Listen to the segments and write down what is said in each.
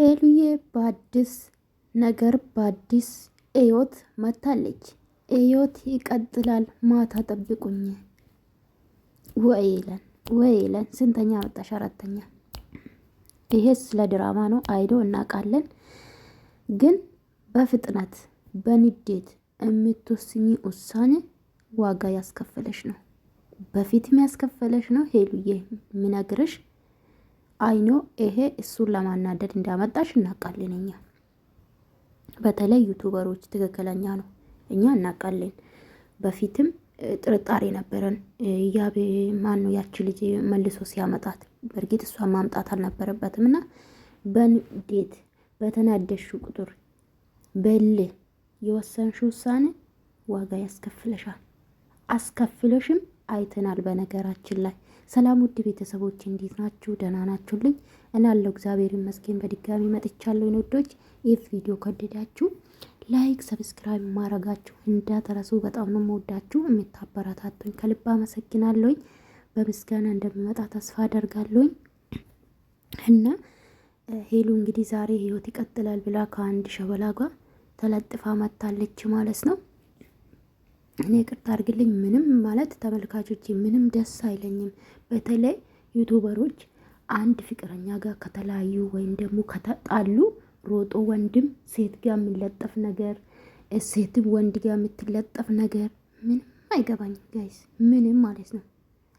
ሄሉዬ በአዲስ ነገር በአዲስ እዮት መታለች። እዮት ይቀጥላል። ማታ ጠብቁኝ ወይ ለን ስንተኛ መጣሽ? አራተኛ። ይሄስ ለድራማ ነው አይዶ እናውቃለን። ግን በፍጥነት በንዴት የምትወስኝ ውሳኔ ዋጋ ያስከፈለሽ ነው። በፊትም ያስከፈለሽ ነው ሄሉዬ ምነግርሽ አይኖ ይሄ እሱን ለማናደድ እንዳመጣሽ እናቃለን። እኛ በተለይ ዩቱበሮች ትክክለኛ ነው፣ እኛ እናቃለን። በፊትም ጥርጣሬ ነበረን። ያቤ ማን ነው ያቺ ልጅ መልሶ ሲያመጣት፣ በእርግጥ እሷን ማምጣት አልነበረበትም። እና በንዴት በተናደሹ ቁጥር በል የወሰንሽ ውሳኔ ዋጋ ያስከፍለሻል። አስከፍለሽም አይተናል በነገራችን ላይ ሰላም ውድ ቤተሰቦች እንዴት ናችሁ? ደህና ናችሁልኝ? እና ያለው እግዚአብሔር ይመስገን በድጋሚ መጥቻለሁ። ውዶች ይህ ቪዲዮ ከወደዳችሁ ላይክ፣ ሰብስክራይብ ማድረጋችሁ እንዳትረሱ። በጣም ነው መወዳችሁ። የምታበረታቱኝ ከልብ አመሰግናለሁኝ። በምስጋና እንደሚመጣ ተስፋ አደርጋለሁኝ እና ሄሉ እንግዲህ ዛሬ ህይወት ይቀጥላል ብላ ከአንድ ሸበላ ጋር ተለጥፋ መታለች ማለት ነው። እኔ ቅርታ አድርግልኝ። ምንም ማለት ተመልካቾች ምንም ደስ አይለኝም። በተለይ ዩቱበሮች አንድ ፍቅረኛ ጋር ከተለያዩ ወይም ደግሞ ከተጣሉ ሮጦ ወንድም ሴት ጋር የሚለጠፍ ነገር፣ ሴትም ወንድ ጋር የምትለጠፍ ነገር ምንም አይገባኝ ጋይስ፣ ምንም ማለት ነው።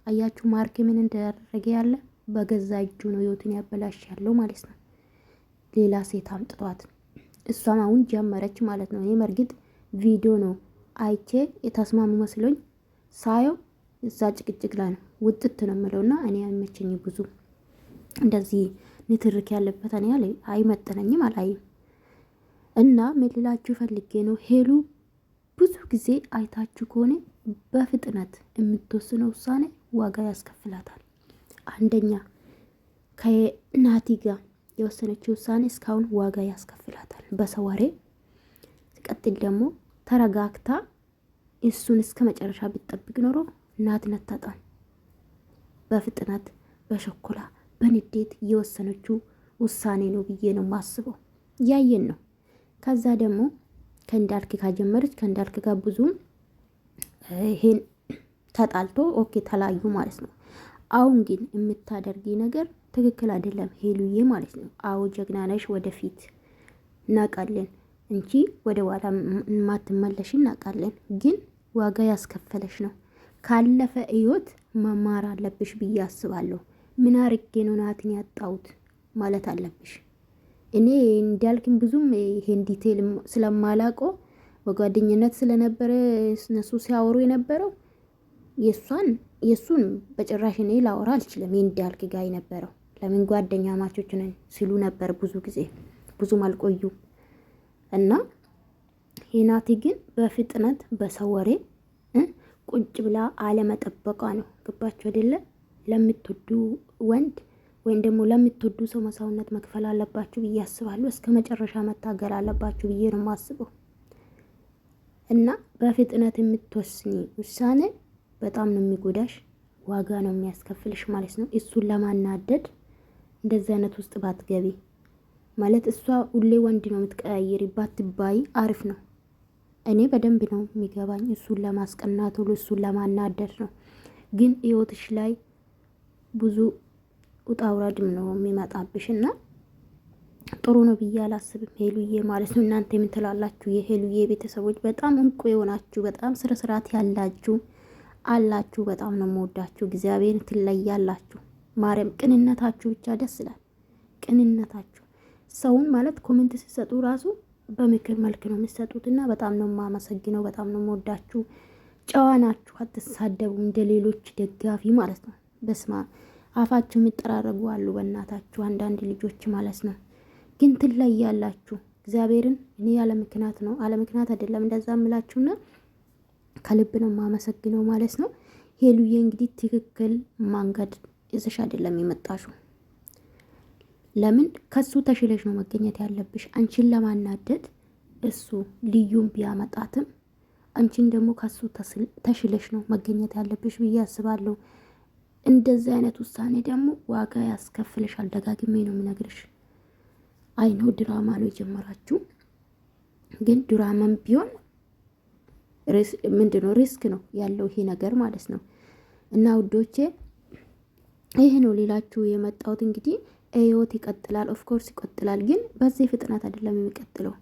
አያችሁ ማርኬ ምን እንደደረገ ያለ በገዛ እጁ ነው ህይወቱን ያበላሽ ያለው ማለት ነው። ሌላ ሴት አምጥቷት እሷም አሁን ጀመረች ማለት ነው። እኔም መርግጥ ቪዲዮ ነው አይቼ የተስማሙ መስሎኝ ሳየው እዛ ጭቅጭቅ ላይ ነው ውጥት ነው የምለው የምለውና እኔ አይመቸኝ ብዙ እንደዚህ ንትርክ ያለበት እኔ አይመጠነኝም አላይም። እና ምልላችሁ ፈልጌ ነው ሄሉ ብዙ ጊዜ አይታችሁ ከሆነ በፍጥነት የምትወስነው ውሳኔ ዋጋ ያስከፍላታል። አንደኛ ከናቲ ጋር የወሰነችው ውሳኔ እስካሁን ዋጋ ያስከፍላታል በሰዋሬ ሲቀጥል ደግሞ ተረጋግታ እሱን እስከ መጨረሻ ብትጠብቅ ኖሮ ናትን በፍጥነት በሸኮላ በንዴት የወሰነችው ውሳኔ ነው ብዬ ነው ማስበው። ያየን ነው። ከዛ ደግሞ ከእንዳልክ ካጀመረች ከእንዳልክ ጋር ብዙም ይሄን ተጣልቶ ኦኬ ተለያዩ ማለት ነው። አሁን ግን የምታደርጊ ነገር ትክክል አይደለም ሄሉዬ ማለት ነው። አዎ ጀግና ነሽ፣ ወደፊት እናቃለን። እንጂ ወደ ኋላ ማትመለሽ እናውቃለን። ግን ዋጋ ያስከፈለሽ ነው። ካለፈ ህይወት መማር አለብሽ ብዬ አስባለሁ። ምን አርጌ ነው ናትን ያጣሁት ማለት አለብሽ። እኔ እንዳልክም ብዙም ይሄን ዲቴል ስለማላውቀው በጓደኝነት ስለነበረ እነሱ ሲያወሩ የነበረው የእሷን የእሱን በጭራሽ እኔ ላወራ አልችልም። ይህ እንዳልክ ጋር የነበረው ለምን ጓደኛ ማቾች ነን ሲሉ ነበር ብዙ ጊዜ ብዙም አልቆዩ እና ሄናቲ ግን በፍጥነት በሰው ወሬ ቁጭ ብላ አለመጠበቋ ነው። ገባችሁ አይደለ? ለምትወዱ ወንድ ወይም ደግሞ ለምትወዱ ሰው መሳውነት መክፈል አለባችሁ ብዬ አስባለሁ። እስከ መጨረሻ መታገል አለባችሁ ብዬ ነው የማስበው። እና በፍጥነት የምትወስኝ ውሳኔ በጣም ነው የሚጎዳሽ፣ ዋጋ ነው የሚያስከፍልሽ ማለት ነው። እሱን ለማናደድ እንደዚህ አይነት ውስጥ ባትገቢ ማለት እሷ ሁሌ ወንድ ነው የምትቀያየሪባት ባይ አሪፍ ነው። እኔ በደንብ ነው የሚገባኝ። እሱን ለማስቀናት ሁሉ እሱን ለማናደድ ነው። ግን ህይወትሽ ላይ ብዙ ውጣ ውረድም ነው የሚመጣብሽ እና ጥሩ ነው ብዬ አላስብም። ሄሉዬ ማለት ነው። እናንተ የምትላላችሁ የሄሉዬ ቤተሰቦች በጣም እንቁ የሆናችሁ በጣም ስነ ስርዓት ያላችሁ አላችሁ። በጣም ነው የምወዳችሁ። እግዚአብሔር ትለያላችሁ። ማርያም ቅንነታችሁ ብቻ ደስ ይላል። ቅንነታችሁ ሰውን ማለት ኮሜንት ሲሰጡ ራሱ በምክር መልክ ነው የሚሰጡት እና በጣም ነው የማመሰግነው። በጣም ነው የምወዳችሁ። ጨዋ ናችሁ፣ አትሳደቡም እንደ ሌሎች ደጋፊ ማለት ነው። በስማ አፋቸው የሚጠራረጉ አሉ። በእናታችሁ አንዳንድ ልጆች ማለት ነው። ግን ትለያላችሁ። እግዚአብሔርን እኔ ያለ ምክንያት ነው አለ ምክንያት አይደለም እንደዛ ምላችሁና ከልብ ነው የማመሰግነው ማለት ነው። ሄሉዬ እንግዲህ ትክክል መንገድ ይዘሽ አይደለም የመጣሽው ለምን ከሱ ተሽለሽ ነው መገኘት ያለብሽ። አንቺን ለማናደድ እሱ ልዩን ቢያመጣትም አንቺን ደግሞ ከሱ ተሽለሽ ነው መገኘት ያለብሽ ብዬ አስባለሁ። እንደዚህ አይነት ውሳኔ ደግሞ ዋጋ ያስከፍልሻል። ደጋግሜ ነው የምነግርሽ። አይኖ ድራማ ነው የጀመራችሁ፣ ግን ድራማም ቢሆን ምንድነው ሪስክ ነው ያለው ይሄ ነገር ማለት ነው። እና ውዶቼ ይሄ ነው ሌላችሁ የመጣሁት እንግዲህ ህይወት ይቀጥላል። ኦፍኮርስ ይቀጥላል፣ ግን በዚህ ፍጥነት አይደለም የሚቀጥለው።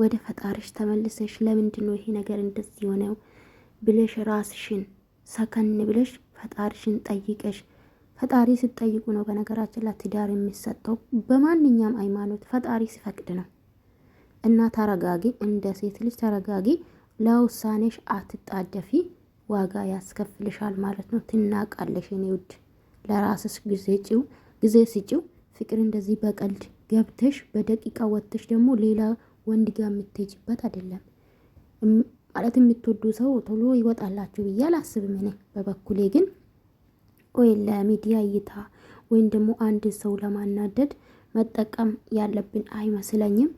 ወደ ፈጣሪሽ ተመልሰሽ ለምንድን ነው ይሄ ነገር እንደዚህ የሆነው ብለሽ ራስሽን ሰከን ብለሽ ፈጣሪሽን ጠይቀሽ ፈጣሪ ስትጠይቁ ነው በነገራችን ላይ ትዳር የሚሰጠው። በማንኛውም ሃይማኖት ፈጣሪ ሲፈቅድ ነው። እና ተረጋጊ፣ እንደ ሴት ልጅ ተረጋጊ። ለውሳኔሽ አትጣደፊ፣ ዋጋ ያስከፍልሻል ማለት ነው። ትናቃለሽ። እኔ ውድ ለራስሽ ጊዜ ጭው ጊዜ ስጭው። ፍቅር እንደዚህ በቀልድ ገብተሽ በደቂቃ ወጥተሽ ደግሞ ሌላ ወንድ ጋር የምትሄጅበት አይደለም። ማለት የምትወዱ ሰው ቶሎ ይወጣላችሁ ብዬ አላስብም። እኔ በበኩሌ ግን ወይ ለሚዲያ እይታ ወይም ደግሞ አንድ ሰው ለማናደድ መጠቀም ያለብን አይመስለኝም።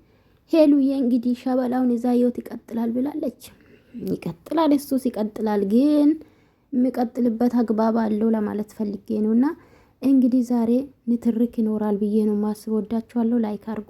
ሄሉዬ እንግዲህ ሸበላውን የዛ ህይወት ይቀጥላል ብላለች። ይቀጥላል፣ እሱስ ይቀጥላል። ግን የሚቀጥልበት አግባብ አለው ለማለት ፈልጌ ነው እና እንግዲህ ዛሬ ንትርክ ይኖራል ብዬ ነው ማስብ። ወዳችኋለሁ። ላይክ አርጉ።